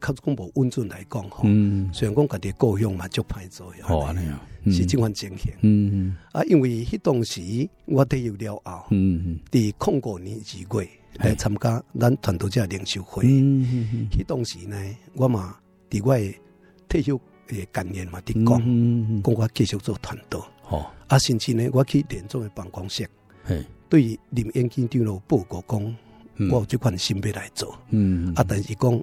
較講無穩準來講，吼，雖然講家己故鄉嘛，足歹做誒，係咪啊？是即款情形。嗯，啊，因為迄當時我退休了後，佇控股年二月來參加，咱團度只領袖會，迄當嘿時呢，我嘛，啲、嗯嗯嗯、我退休誒感染嘛，啲講，叫我繼續做團度，哦，啊，甚至呢，我去電總嘅辦公室，嘿對林彥金長老報告講，我有即款心要來做，嗯，嗯，啊，但是講。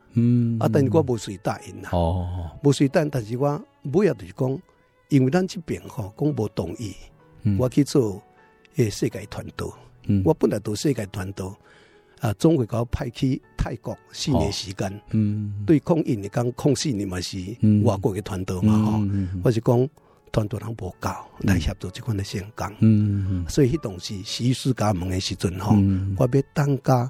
嗯，啊，但是我無隨答應啦，哦，無隨答應，但是我主要就是講，因為咱這邊吼，講無同意，我去做誒世界團隊，我本來做世界團隊，啊，總會搞派去泰國四年時間，嗯，對，抗疫你講，抗事你嘛是外國嘅團隊嘛吼，我是講團隊人無夠來合作這款嘅相關，嗯嗯，所以迄種是徐世家門嘅時陣吼，我要當家。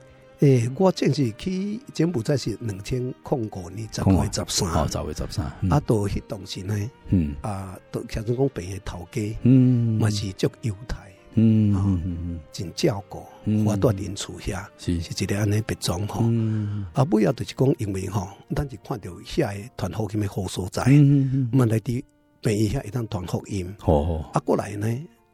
誒、欸，我正是去柬埔寨是二千零五年，十月十三號、啊，哦，十月13號，嗯、啊到彼當時呢，嗯、啊，聽講病院頭家，嘛、嗯、是足猶太，嗯嗯嗯啊，真照顧，花多銀厝遐，是，是一個安尼別種嗬，是啊，尾要就是講因為吼咱是看着遐誒傳福音咁嘅好所嗯嗯嗯在，嘛來佇病院遐會當傳福音吼，啊過來呢。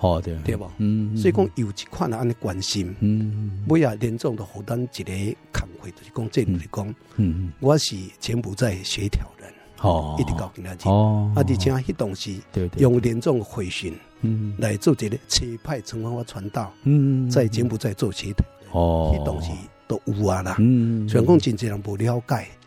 哦，對，對，嗯，所以講有一款的安尼關心，每日連總都好等一個群會，就是講即嚟講，我是柬埔寨協調人，哦，一直到今天，哦，啊，而且啲東西用連總的回信，嗯，來做個車派傳播的傳道，嗯，再柬埔寨做協調，哦，迄東西都有啊啦，雖然講真濟人無了解。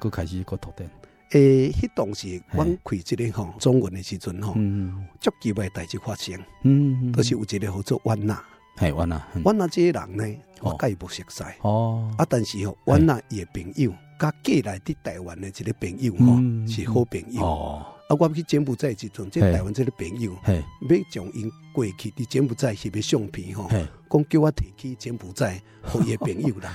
佢開始個特點，誒，迄當時阮開即個吼中文誒時陣吼，足幾圍代志發生，嗯，都是有啲號做，安娜係安娜，安娜這些人呢，我介亦無熟悉，哦，啊，但是哦，安娜伊誒朋友，甲寄來佇台灣誒一個朋友，吼，是好朋友，哦，啊，我去柬埔寨誒時陣，即個台灣即個朋友，係，俾張影過去，佇柬埔寨翕誒相片，吼，講叫我提起柬埔寨，互伊誒朋友啦。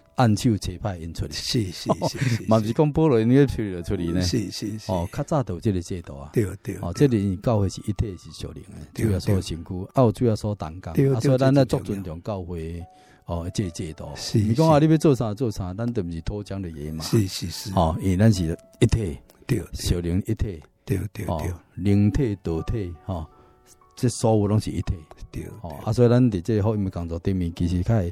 按手車牌印出嚟，是是是，嘛毋是講保羅印個出嚟出嚟呢？是是哦，較早着有即個制度啊，對對哦，即裡教會是一體是屬靈的，主要做辛苦，啊，有主要做單幹，啊，所以咱那做尊重教會，哦，即個制度，你講啊，你要做啥做啥，咱都毋是脫韁的野馬嘛，是是是，哦，因為咱是一體，對，屬靈一體，對對對，靈體道體哦，這所有攏是一體，對，哦，啊，所以咱佇這福音的工作頂面其實較。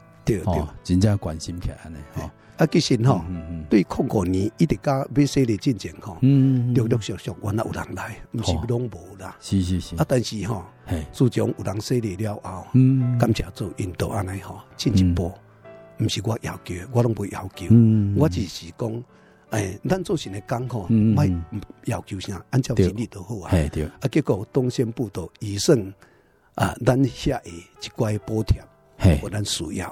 對，對，真正關心起來安尼。佢，啊，其實吼，對抗過年一直加俾些啲進情吼，陸陸續續揾到有人來，唔是攏無啦。是是是，啊，但是吼，自從有人寫嚟了後，感謝做引導安尼吼，進一步，毋是我要求的，我攏冇要求，嗯，我只是講，誒，咱做先嚟工吼，莫要求啥，按照盡力都好啊。對。啊，結果東線部隊以勝啊，咱下月一乖補貼，我咱需要。